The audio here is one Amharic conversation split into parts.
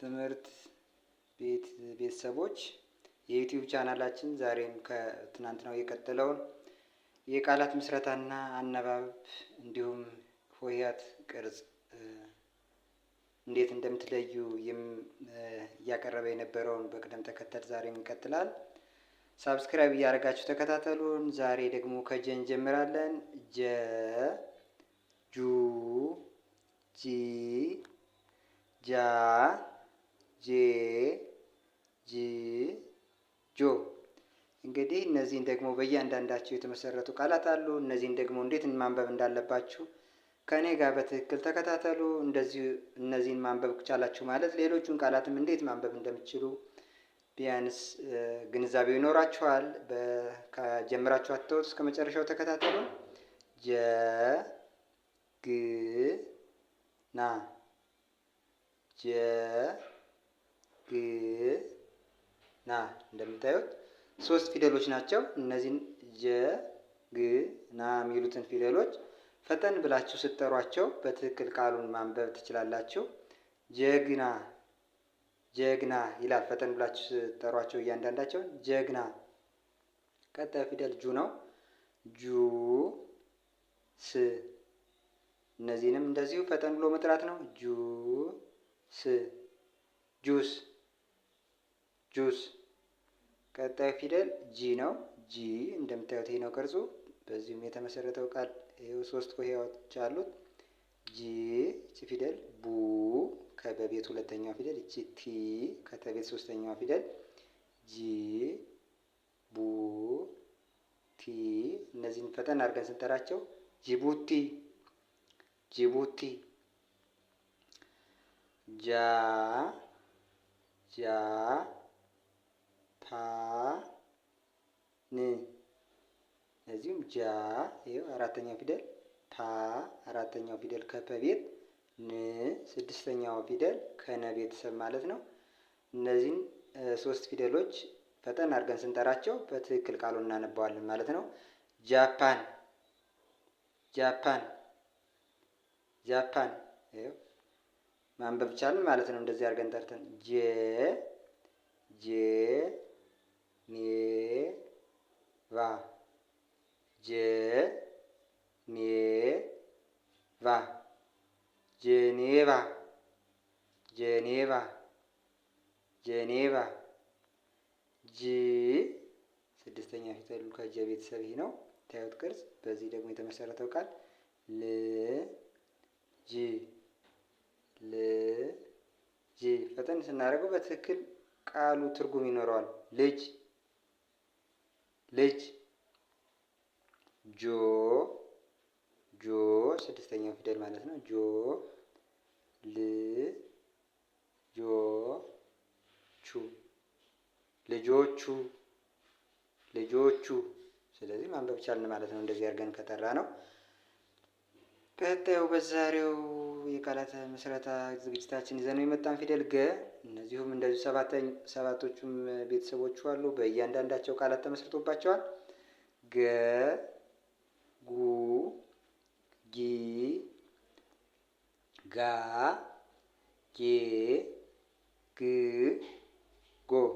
ትምህርት ቤት ቤተሰቦች የዩቲዩብ ቻናላችን ዛሬም ከትናንትናው የቀጠለውን የቃላት ምስረታና አነባብ እንዲሁም ሆሄያት ቅርጽ እንዴት እንደምትለዩ እያቀረበ የነበረውን በቅደም ተከተል ዛሬም ይቀጥላል። ሳብስክራይብ እያደረጋችሁ ተከታተሉን። ዛሬ ደግሞ ከጀ እንጀምራለን። ጀ ጁ ጂ ጃ ጄ ጂ ጆ እንግዲህ እነዚህን ደግሞ በእያንዳንዳቸው የተመሰረቱ ቃላት አሉ። እነዚህን ደግሞ እንዴት ማንበብ እንዳለባችሁ ከእኔ ጋር በትክክል ተከታተሉ። እንደዚሁ እነዚህን ማንበብ ቻላችሁ ማለት ሌሎቹን ቃላትም እንዴት ማንበብ እንደምችሉ ቢያንስ ግንዛቤ ይኖራችኋል። ከጀምራችሁ አትተውት፣ እስከ መጨረሻው ተከታተሉ። ጀ ግ ና ጀ ግ ና እንደምታዩት ሶስት ፊደሎች ናቸው። እነዚህን ጀ ግ ና የሚሉትን ፊደሎች ፈጠን ብላችሁ ስትጠሯቸው በትክክል ቃሉን ማንበብ ትችላላችሁ። ጀግና ጀግና ይላል። ፈጠን ብላችሁ ስትጠሯቸው እያንዳንዳቸው ጀግና። ቀጣዩ ፊደል ጁ ነው። ጁ ስ እነዚህንም እንደዚሁ ፈጠን ብሎ መጥራት ነው። ጁ ስ ጁስ ጁስ። ቀጣዩ ፊደል ጂ ነው። ጂ እንደምታዩት ይሄ ነው ቅርጹ። በዚሁም የተመሰረተው ቃል ይኸው ሶስት ሆሄያዎች አሉት። ጂ እቺ ፊደል ቡ ከበቤት ሁለተኛዋ ፊደል እቺ ቲ ከተቤት ሶስተኛዋ ፊደል ጂ ቡ ቲ። እነዚህን ፈጠን አድርገን ስንጠራቸው ጅቡቲ ጅቡቲ። ጃ ጃ ታ ን እዚሁም ጃ ይኸው አራተኛው ፊደል ታ አራተኛው ፊደል ከፐ ቤት ን ስድስተኛው ፊደል ከነ ቤተሰብ ማለት ነው። እነዚህን ሶስት ፊደሎች ፈጠን አድርገን ስንጠራቸው በትክክል ቃሉ እናነባዋለን ማለት ነው። ጃፓን ጃፓን ጃፓን ማንበብ ቻልን ማለት ነው። እንደዚህ አድርገን ጠርተን ጄ ጄ ኔ ቫ ጄ ኔ ቫ ጄኔቫ ጄኔቫ ጄኔቫ ጂ ስድስተኛ ፊደሉ ከጀ ቤተሰብ ይህ ነው የምታዩት ቅርጽ። በዚህ ደግሞ የተመሰረተው ቃል ል ጂ ል ጂ ፈጠን ስናደርገው በትክክል ቃሉ ትርጉም ይኖረዋል። ልጅ ልጅ ጆ ጆ ስድስተኛው ፊደል ማለት ነው። ጆ ል ጆ ቹ ልጆቹ ልጆቹ። ስለዚህ ማንበብ ቻልን ማለት ነው። እንደዚህ አድርገን ከጠራ ነው። ቀጣዩ በዛሬው የቃላት ምስረታ ዝግጅታችን ይዘነው የመጣን ፊደል ገ። እነዚሁም እንደዚሁ ሰባቶቹም ቤተሰቦቹ አሉ። በእያንዳንዳቸው ቃላት ተመስርቶባቸዋል። ገ፣ ጉ፣ ጊ፣ ጋ፣ ጌ፣ ግ፣ ጎ።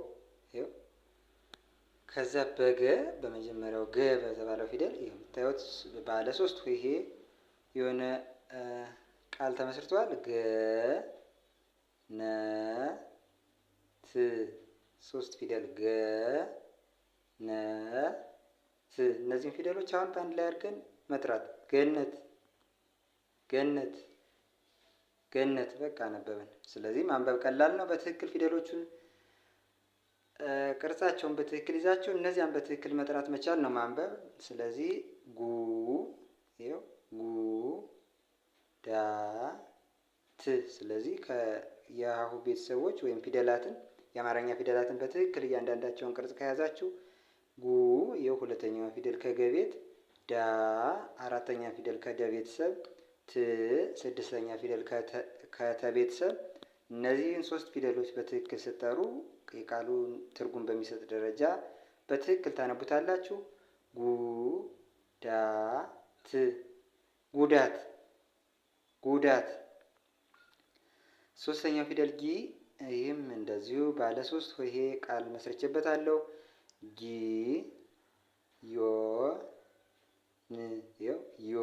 ከዛ በገ በመጀመሪያው ገ በተባለው ፊደል የምታዩት ባለ ሶስት ይሄ የሆነ ቃል ተመስርቷል። ገ ነ ት ሶስት ፊደል ገ ነ ት። እነዚህን ፊደሎች አሁን በአንድ ላይ አድርገን መጥራት ገነት፣ ገነት፣ ገነት። በቃ አነበብን። ስለዚህ ማንበብ ቀላል ነው። በትክክል ፊደሎቹን ቅርጻቸውን በትክክል ይዛቸው እነዚያን በትክክል መጥራት መቻል ነው ማንበብ። ስለዚህ ጉ ይኸው ጉ ዳት። ስለዚህ የሀሁ ቤተሰቦች ወይም ፊደላትን የአማርኛ ፊደላትን በትክክል እያንዳንዳቸውን ቅርጽ ከያዛችሁ ጉ የሁለተኛው ፊደል ከገቤት ዳ አራተኛ ፊደል ከደ ቤተሰብ ት ስድስተኛ ፊደል ከተ ቤተሰብ እነዚህን ሶስት ፊደሎች በትክክል ስጠሩ የቃሉን ትርጉም በሚሰጥ ደረጃ በትክክል ታነቡታላችሁ። ጉ ዳ ት ጉዳት ጉዳት። ሶስተኛው ፊደል ጊ፣ ይህም እንደዚሁ ባለ ሶስት ሆሄ ቃል መስርቼበታለሁ። ጊ ዮ ዮ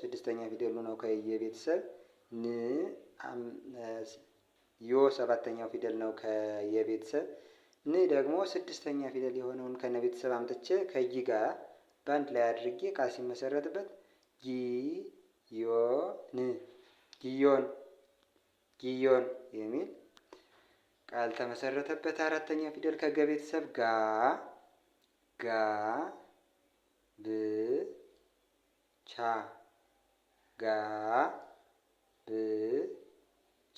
ስድስተኛ ፊደሉ ነው ከየቤተሰብ ን ዮ ሰባተኛው ፊደል ነው ከየቤተሰብ ን ደግሞ ስድስተኛ ፊደል የሆነውን ቤተሰብ አምጥቼ ከይ ጋር በአንድ ላይ አድርጌ ቃል ሲመሰረትበት ጊ ዮ ን ጊዮን ጊዮን የሚል ቃል ተመሰረተበት። አራተኛ ፊደል ከገ ቤተሰብ ጋ ጋ ብ ቻ ጋ ብ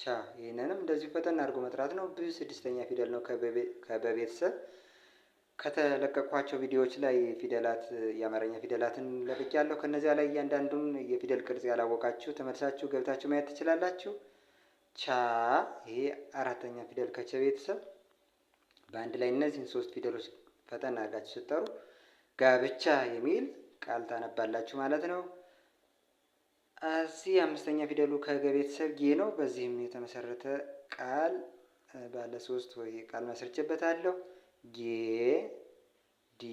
ቻ። ይህንንም እንደዚሁ ፈተና አድርጎ መጥራት ነው። ብ ስድስተኛ ፊደል ነው ከበቤተሰብ ከተለቀቋቸው ቪዲዮዎች ላይ ፊደላት የአማርኛ ፊደላትን ለቅቄያለሁ። ከነዚያ ላይ እያንዳንዱን የፊደል ቅርጽ ያላወቃችሁ ተመልሳችሁ ገብታችሁ ማየት ትችላላችሁ። ቻ ይሄ አራተኛ ፊደል ከቸ ቤተሰብ በአንድ ላይ እነዚህን ሶስት ፊደሎች ፈጠን አድርጋችሁ ስጠሩ ጋብቻ የሚል ቃል ታነባላችሁ ማለት ነው። እዚህ አምስተኛ ፊደሉ ከገ ቤተሰብ ጌ ነው። በዚህም የተመሰረተ ቃል ባለ ሶስት ወይ ቃል መስርቼበታለሁ። ጌ ዲ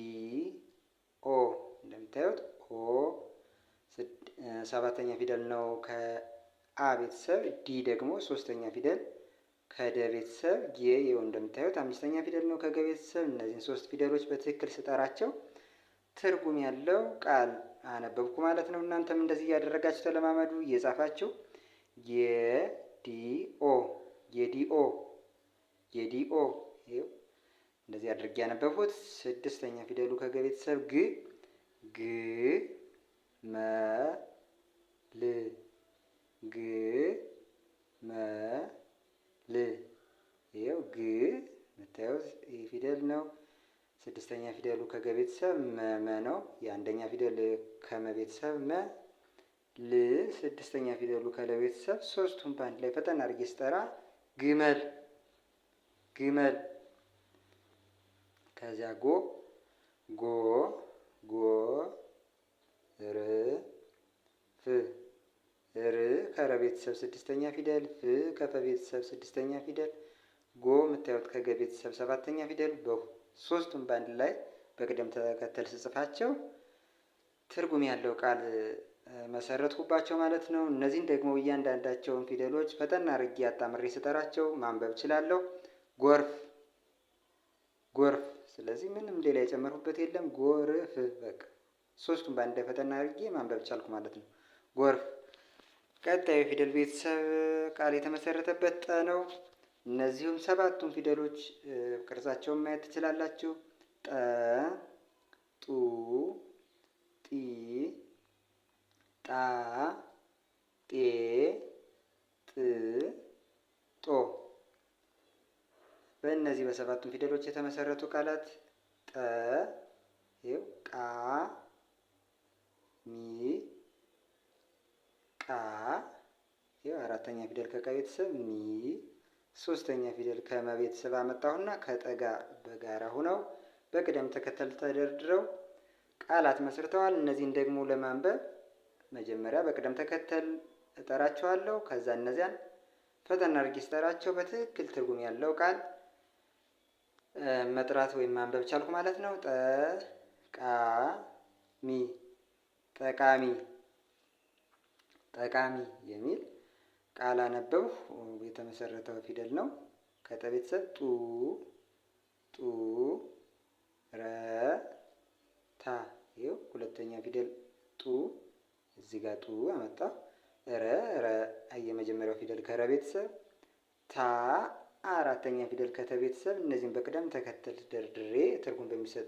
ኦ እንደምታዩት ኦ ሰባተኛ ፊደል ነው ከአ ቤተሰብ። ዲ ደግሞ ሶስተኛ ፊደል ከደ ቤተሰብ። ጌ ይው እንደምታዩት አምስተኛ ፊደል ነው ከገ ቤተሰብ። እነዚህን ሶስት ፊደሎች በትክክል ስጠራቸው ትርጉም ያለው ቃል አነበብኩ ማለት ነው። እናንተም እንደዚህ እያደረጋችሁ ተለማመዱ እየጻፋችሁ የዲኦ የዲኦ የዲኦ ጌዲኦ እንደዚህ አድርጌ ያነበብኩት። ስድስተኛ ፊደሉ ከገ ቤተሰብ ግ ግ መ ል ግ መ ል ይኸው ግ የምታዩት ይህ ፊደል ነው። ስድስተኛ ፊደሉ ከገ ቤተሰብ መመ ነው። የአንደኛ ፊደል ከመ ቤተሰብ መ ል ስድስተኛ ፊደሉ ከለ ቤተሰብ ሶስቱም በአንድ ላይ ፈጠን አድርጌ ስጠራ ግመል ግመል ከዚያ ጎ ጎ ጎ ር ፍ ር ከረ ቤተሰብ ስድስተኛ ፊደል ፍ ከፈ ቤተሰብ ስድስተኛ ፊደል ጎ የምታዩት ከገ ቤተሰብ ሰባተኛ ፊደል በሁ ሶስቱም በአንድ ላይ በቅደም ተከተል ስጽፋቸው ትርጉም ያለው ቃል መሰረትኩባቸው ማለት ነው። እነዚህን ደግሞ እያንዳንዳቸውን ፊደሎች ፈጠና ርጊ አጣምሬ ስጠራቸው ማንበብ ችላለሁ ጎርፍ ጎርፍ ስለዚህ ምንም ሌላ የጨመርኩበት የለም። ጎርፍ በቃ ሶስቱን በአንድ ላይ ፈተና አድርጌ ማንበብ ቻልኩ ማለት ነው። ጎርፍ። ቀጣዩ ፊደል ቤተሰብ ቃል የተመሰረተበት ጠ ነው። እነዚሁም ሰባቱን ፊደሎች ቅርጻቸውን ማየት ትችላላችሁ። ጠ፣ ጡ፣ ጢ፣ ጣ፣ ጤ፣ ጥ፣ ጦ በእነዚህ በሰባቱም ፊደሎች የተመሰረቱ ቃላት ጠ ይኸው ቃ ሚ ቃ ይኸው አራተኛ ፊደል ከቃ ቤተሰብ ሚ ሶስተኛ ፊደል ከመ ቤተሰብ አመጣሁና ከጠጋ በጋራ ሆነው በቅደም ተከተል ተደርድረው ቃላት መስርተዋል። እነዚህን ደግሞ ለማንበብ መጀመሪያ በቅደም ተከተል እጠራቸዋለሁ። ከዛ እነዚያን ፈተና አድርጌ ስጠራቸው በትክክል ትርጉም ያለው ቃል መጥራት ወይም ማንበብ ቻልኩ ማለት ነው። ጠቃሚ ጠቃሚ ጠቃሚ የሚል ቃል አነበብሁ። የተመሰረተው ፊደል ነው። ከጠ ቤተሰብ ጡ ጡ ረ ታ ይኸው ሁለተኛ ፊደል ጡ እዚህ ጋር ጡ አመጣ። ረ ረ የመጀመሪያው ፊደል ከረ ቤተሰብ ታ አራተኛ ፊደል ከተቤተሰብ እነዚህን በቅደም ተከተል ደርድሬ ትርጉም በሚሰጥ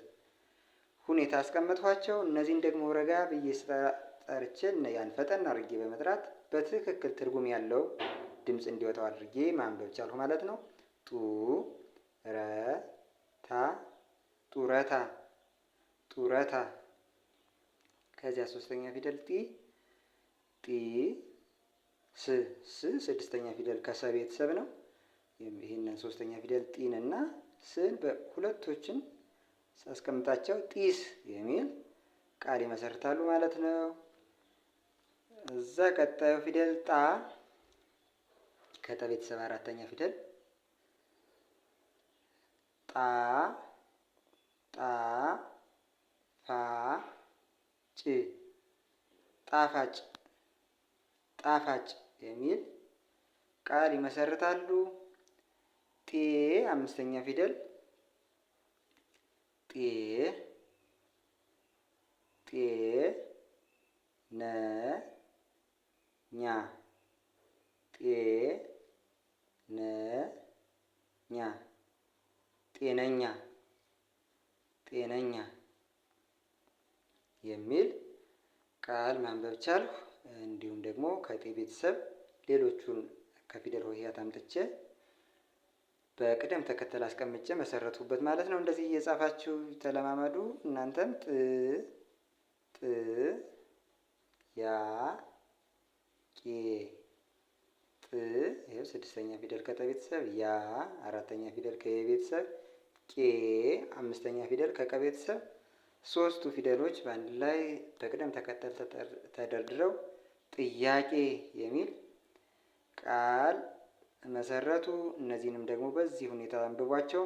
ሁኔታ አስቀመጥኋቸው። እነዚህን ደግሞ ረጋ ብዬ ጠርቼ ያን ፈጠን አድርጌ በመጥራት በትክክል ትርጉም ያለው ድምፅ እንዲወጣው አድርጌ ማንበብ ቻልሁ ማለት ነው። ጡ ረ ታ ጡረታ ጡረታ። ከዚያ ሶስተኛ ፊደል ጢ ጢ ስ ስ ስድስተኛ ፊደል ከሰ ቤተሰብ ነው። ይህንን ሶስተኛ ፊደል ጢን እና ስን በሁለቶችን ሳስቀምጣቸው ጢስ የሚል ቃል ይመሰርታሉ ማለት ነው። እዛ ቀጣዩ ፊደል ጣ ከጠ ቤተሰብ አራተኛ ፊደል ጣ ጣ ፋ ጭ ጣፋጭ ጣፋጭ የሚል ቃል ይመሰርታሉ። ጤ አምስተኛ ፊደል ጤ ጤ ነ ኛ ጤ ነ ኛ ጤነኛ ጤነኛ የሚል ቃል ማንበብ ቻልሁ። እንዲሁም ደግሞ ከጤ ቤተሰብ ሌሎቹን ከፊደል ሆሄያት አምጥቼ በቅደም ተከተል አስቀምጬ መሰረትኩበት ማለት ነው። እንደዚህ እየጻፋችሁ ተለማመዱ። እናንተም ጥ ጥ ያ ቄ ጥ ይኸው ስድስተኛ ፊደል ከጠ ቤተሰብ፣ ያ አራተኛ ፊደል ከየ ቤተሰብ፣ ቄ አምስተኛ ፊደል ከቀ ቤተሰብ። ሶስቱ ፊደሎች በአንድ ላይ በቅደም ተከተል ተደርድረው ጥያቄ የሚል ቃል መሰረቱ። እነዚህንም ደግሞ በዚህ ሁኔታ አንብቧቸው።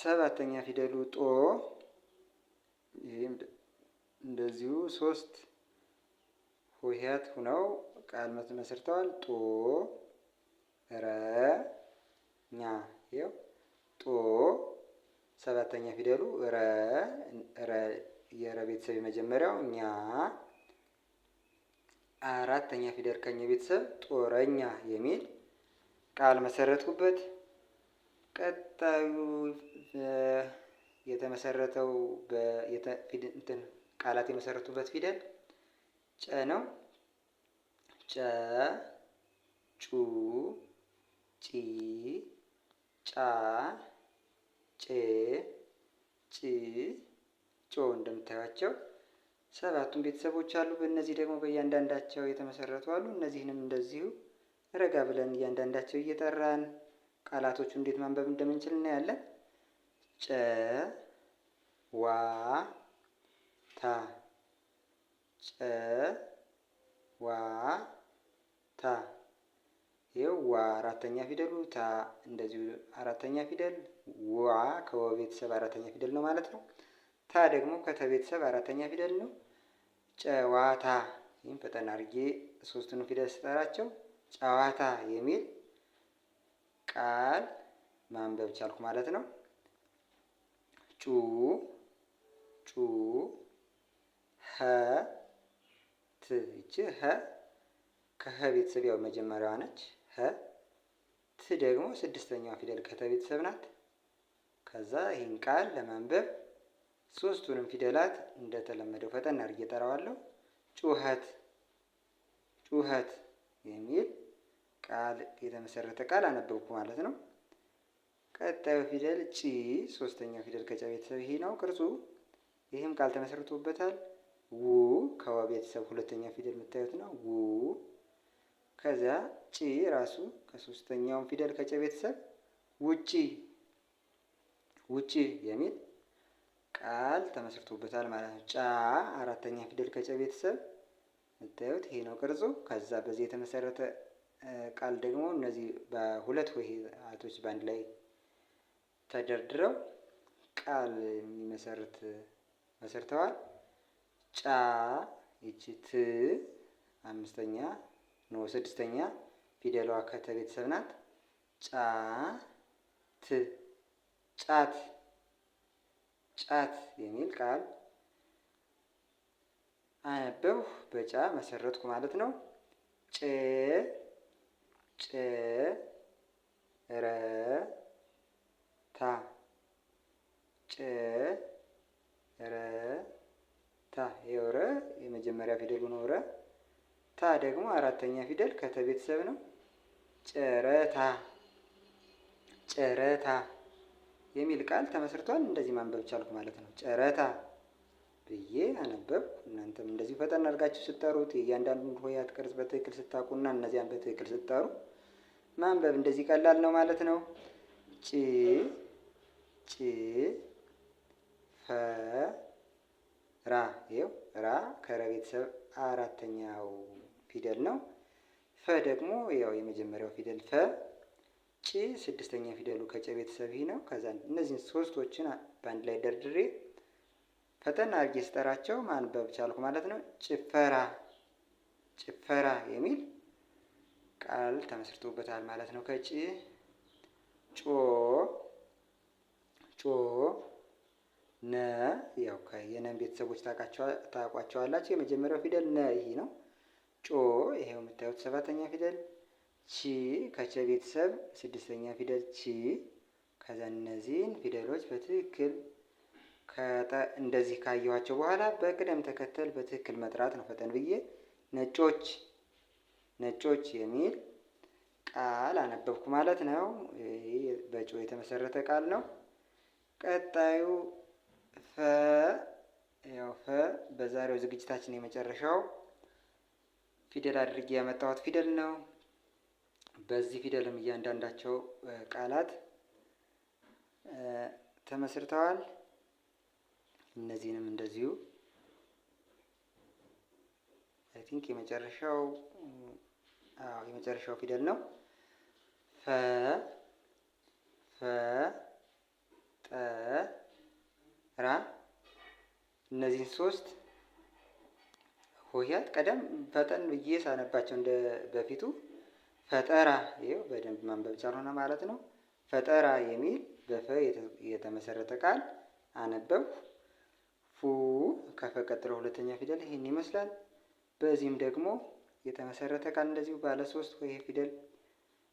ሰባተኛ ፊደሉ ጦ፣ ይህም እንደዚሁ ሶስት ሆሄያት ሁነው ቃል መስርተዋል። ጦ ረ ኛ ይኸው ጦ ሰባተኛ ፊደሉ ረ የረ ቤተሰብ የመጀመሪያው ኛ አራተኛ ፊደል ከኘ ቤተሰብ ጦረኛ የሚል ቃል መሰረትኩበት። ቀጣዩ የተመሰረተው ቃላት የመሰረቱበት ፊደል ጨ ነው። ጨ፣ ጩ፣ ጪ፣ ጫ፣ ጬ፣ ጭ፣ ጮ እንደምታያቸው ሰባቱም ቤተሰቦች አሉ። በእነዚህ ደግሞ በእያንዳንዳቸው የተመሰረቱ አሉ። እነዚህንም እንደዚሁ ረጋ ብለን እያንዳንዳቸው እየጠራን ቃላቶቹ እንዴት ማንበብ እንደምንችል እናያለን። ጨ ዋ ታ ጨ ዋ ታ ይኸው ዋ አራተኛ ፊደሉ ታ እንደዚሁ አራተኛ ፊደል ዋ ከወ ቤተሰብ አራተኛ ፊደል ነው ማለት ነው። ታ ደግሞ ከተቤተሰብ አራተኛ ፊደል ነው። ጨዋታ ይህም ፈጠን አድርጌ ሶስቱን ፊደል ስጠራቸው ጨዋታ የሚል ቃል ማንበብ ቻልኩ ማለት ነው። ጩ ጩ ሀ ት ይች ሀ ከሀ ቤተሰብ ያው መጀመሪያዋ ነች። ሀ ት ደግሞ ስድስተኛዋ ፊደል ከተ ቤተሰብ ናት። ከዛ ይህን ቃል ለማንበብ ሶስቱንም ፊደላት እንደተለመደው ፈጠን አድርጌ እጠራዋለሁ። ጩኸት ጩኸት የሚል ቃል የተመሰረተ ቃል አነበብኩ ማለት ነው። ቀጣዩ ፊደል ጪ፣ ሶስተኛው ፊደል ከጨ ቤተሰብ ይሄ ነው ቅርጹ። ይህም ቃል ተመሰርቶበታል። ው ከወ ቤተሰብ ሁለተኛው ፊደል የምታዩት ነው። ው ከዚያ ጪ ራሱ ከሶስተኛውም ፊደል ከጨ ቤተሰብ ውጪ ውጪ የሚል ቃል ተመስርቶበታል ማለት ነው። ጫ አራተኛ ፊደል ከጨ ቤተሰብ የምታዩት ይሄ ነው ቅርጹ። ከዛ በዚህ የተመሰረተ ቃል ደግሞ እነዚህ በሁለት ሆሄያቶች በአንድ ላይ ተደርድረው ቃል የሚመሰርት መስርተዋል። ጫ ይቺ ት አምስተኛ ኖ ስድስተኛ ፊደሏ ከተ ቤተሰብ ናት። ጫ ት ጫት ጫት የሚል ቃል አነበብሁ በጫ መሰረትኩ ማለት ነው። ጭ ጭ ረ ታ ጭ ረ ታ የወረ የመጀመሪያ ፊደሉ ነው። ረ ታ ደግሞ አራተኛ ፊደል ከተቤተሰብ ነው። ጨረታ ጨረታ የሚል ቃል ተመስርቷል። እንደዚህ ማንበብ ቻልኩ ማለት ነው። ጨረታ ብዬ አነበብኩ። እናንተም እንደዚሁ ፈጠን አድርጋችሁ ስጠሩት እያንዳንዱን ሆሄያት ቅርጽ በትክክል ስታውቁና እነዚያን በትክክል ስጠሩ ማንበብ እንደዚህ ቀላል ነው ማለት ነው። ጭ ጭ ፈ ራ ይኸው ራ ከረ ቤተሰብ አራተኛው ፊደል ነው። ፈ ደግሞ ያው የመጀመሪያው ፊደል ፈ ጭ ስድስተኛ ፊደሉ ከጨ ቤተሰብ ይህ ነው። ከዛ እነዚህን ሶስቶችን በአንድ ላይ ደርድሬ ፈጠን አድርጌ ስጠራቸው ማንበብ ቻልኩ ማለት ነው። ጭፈራ ጭፈራ የሚል ቃል ተመስርቶበታል ማለት ነው። ከጭ ጮ ጮ ነ ያው የነን ቤተሰቦች ታውቋቸዋላችሁ። የመጀመሪያው ፊደል ነ ይሄ ነው። ጮ ይሄው የምታዩት ሰባተኛ ፊደል ቺ ከቸ ቤተሰብ ስድስተኛ ፊደል ቺ። ከዛ እነዚህን ፊደሎች በትክክል እንደዚህ ካየኋቸው በኋላ በቅደም ተከተል በትክክል መጥራት ነው። ፈጠን ብዬ ነጮች ነጮች የሚል ቃል አነበብኩ ማለት ነው። ይህ በጮ የተመሰረተ ቃል ነው። ቀጣዩ ፈ ያው ፈ በዛሬው ዝግጅታችን የመጨረሻው ፊደል አድርጌ ያመጣሁት ፊደል ነው። በዚህ ፊደልም እያንዳንዳቸው ቃላት ተመስርተዋል። እነዚህንም እንደዚሁ አይ ቲንክ የመጨረሻው አዎ የመጨረሻው ፊደል ነው። ፈ ፈ ጠ ራ እነዚህን ሶስት ሆሄያት ቀደም ፈጠን ብዬ ሳነባቸው እንደ በፊቱ ፈጠራ ይኸው በደንብ ማንበብ ቻልሆነ ማለት ነው። ፈጠራ የሚል በፈ የተመሰረተ ቃል አነበብ። ፉ ከፈ ቀጥሎ ሁለተኛ ፊደል ይህን ይመስላል። በዚህም ደግሞ የተመሰረተ ቃል እንደዚሁ ባለ ሶስት ወይ ፊደል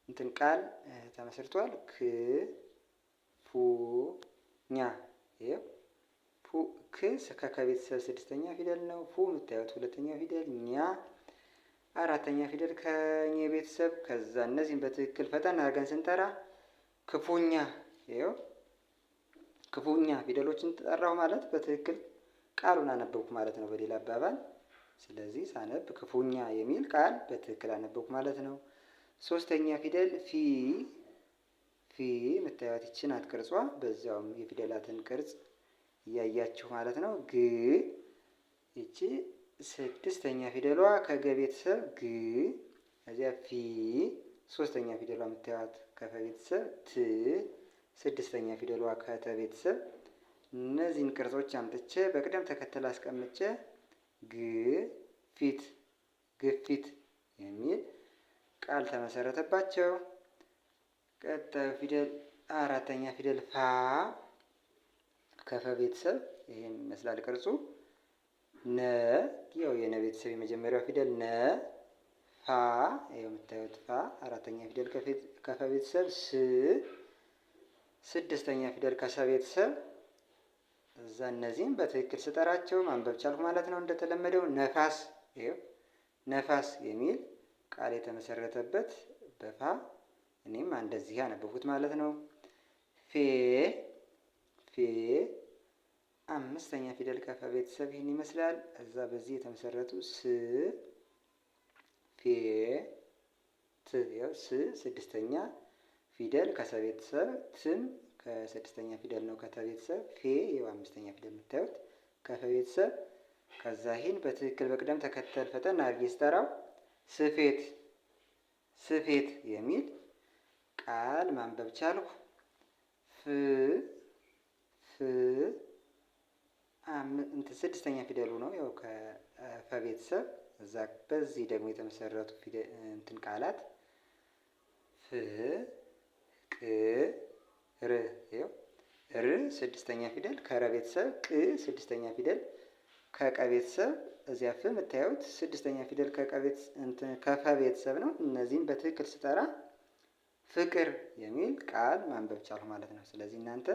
እንትን ቃል ተመስርቷል። ክ ፉ ኛ ይኸው ፉ ክ ከከቤተሰብ ስድስተኛ ፊደል ነው። ፉ የምታዩት ሁለተኛ ፊደል ኛ አራተኛ ፊደል ከኘ ቤተሰብ። ከዛ እነዚህም በትክክል ፈጠን አድርገን ስንጠራ ክፉኛ፣ ይኸው ክፉኛ ፊደሎችን ጠራሁ ማለት በትክክል ቃሉን አነበብኩ ማለት ነው በሌላ አባባል። ስለዚህ ሳነብ ክፉኛ የሚል ቃል በትክክል አነበብኩ ማለት ነው። ሶስተኛ ፊደል ፊ ፊ የምታዩት ይችን ናት ቅርጿ። በዚያውም የፊደላትን ቅርጽ እያያችሁ ማለት ነው። ግ ይቺ ስድስተኛ ፊደሏ ከገ ቤተሰብ ግ፣ ከዚያ ፊ፣ ሶስተኛ ፊደሏ የምታዩት ከፈ ቤተሰብ ት፣ ስድስተኛ ፊደሏ ከተ ቤተሰብ። እነዚህን ቅርጾች አምጥቼ በቅደም ተከተል አስቀምጬ ግ ፊት ግፊት የሚል ቃል ተመሰረተባቸው። ቀጣዩ ፊደል አራተኛ ፊደል ፋ ከፈ ቤተሰብ ይህን ይመስላል ቅርጹ። ነ ያው የነ ቤተሰብ የመጀመሪያው ፊደል ነ ፋ ያው የምታዩት ፋ አራተኛ ፊደል ከፈ ቤተሰብ ስ ስድስተኛ ፊደል ከሰ ቤተሰብ እዛ እነዚህም በትክክል ስጠራቸው ማንበብ ቻልኩ ማለት ነው። እንደተለመደው ነፋስ ይኸው ነፋስ የሚል ቃል የተመሰረተበት በፋ እኔም እንደዚህ ያነበብኩት ማለት ነው። ፌ ፌ አምስተኛ ፊደል ከፈ ቤተሰብ ይህን ይመስላል። እዛ በዚህ የተመሰረቱ ስ ፌ ት ያው ስ ስድስተኛ ፊደል ከሰ ቤተሰብ ትም ከስድስተኛ ፊደል ነው ከተ ቤተሰብ ፌ ይኸው አምስተኛ ፊደል የምታዩት ከፈ ቤተሰብ ከዛ ይህን በትክክል በቅደም ተከተል ፈተና አድርጌ ስጠራው ስፌት ስፌት የሚል ቃል ማንበብ ቻልኩ ፍ ፍ ስድስተኛ ፊደሉ ነው። ያው ከፈ ቤተሰብ እዛ በዚህ ደግሞ የተመሰረቱ እንትን ቃላት ቅ ር ስድስተኛ ፊደል ከረ ቤተሰብ ቅ ስድስተኛ ፊደል ከቀ ቤተሰብ እዚያ ፍ የምታዩት ስድስተኛ ፊደል ከፈ ቤተሰብ ነው። እነዚህም በትክክል ስጠራ ፍቅር የሚል ቃል ማንበብ ቻሉ ማለት ነው። ስለዚህ እናንተ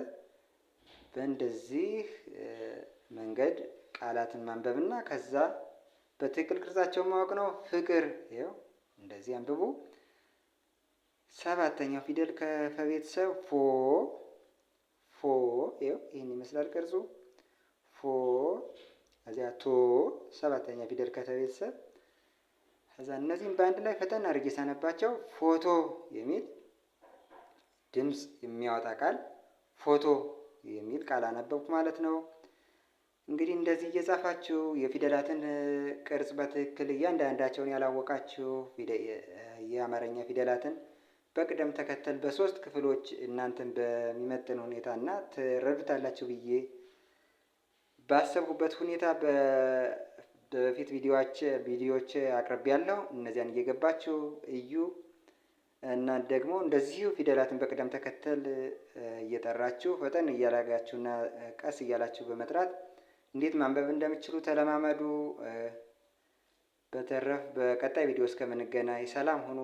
በእንደዚህ መንገድ ቃላትን ማንበብና ከዛ በትክክል ቅርጻቸውን ማወቅ ነው። ፍቅር ይኸው እንደዚህ አንብቡ። ሰባተኛው ፊደል ከፈቤተሰብ ፎ ፎ ይኸው ይህን ይመስላል ቅርጹ ፎ እዚያ ቶ ሰባተኛ ፊደል ከተቤተሰብ ከዛ እነዚህም በአንድ ላይ ፈተና አድርጌ ሳነባቸው ፎቶ የሚል ድምፅ የሚያወጣ ቃል ፎቶ የሚል ቃል አነበብኩ ማለት ነው። እንግዲህ እንደዚህ እየጻፋችሁ የፊደላትን ቅርጽ በትክክል እያንዳንዳቸውን ያላወቃችሁ የአማርኛ ፊደላትን በቅደም ተከተል በሶስት ክፍሎች እናንተን በሚመጥን ሁኔታና ትረዱታላችሁ ብዬ ባሰብኩበት ሁኔታ በፊት ቪዲዮዎች ያለው እነዚያን እየገባችሁ እዩ እና ደግሞ እንደዚሁ ፊደላትን በቅደም ተከተል እየጠራችሁ ፈጠን እያላጋችሁና ቀስ እያላችሁ በመጥራት እንዴት ማንበብ እንደምትችሉ ተለማመዱ። በተረፍ በቀጣይ ቪዲዮ እስከምንገናኝ ሰላም ሁኑ።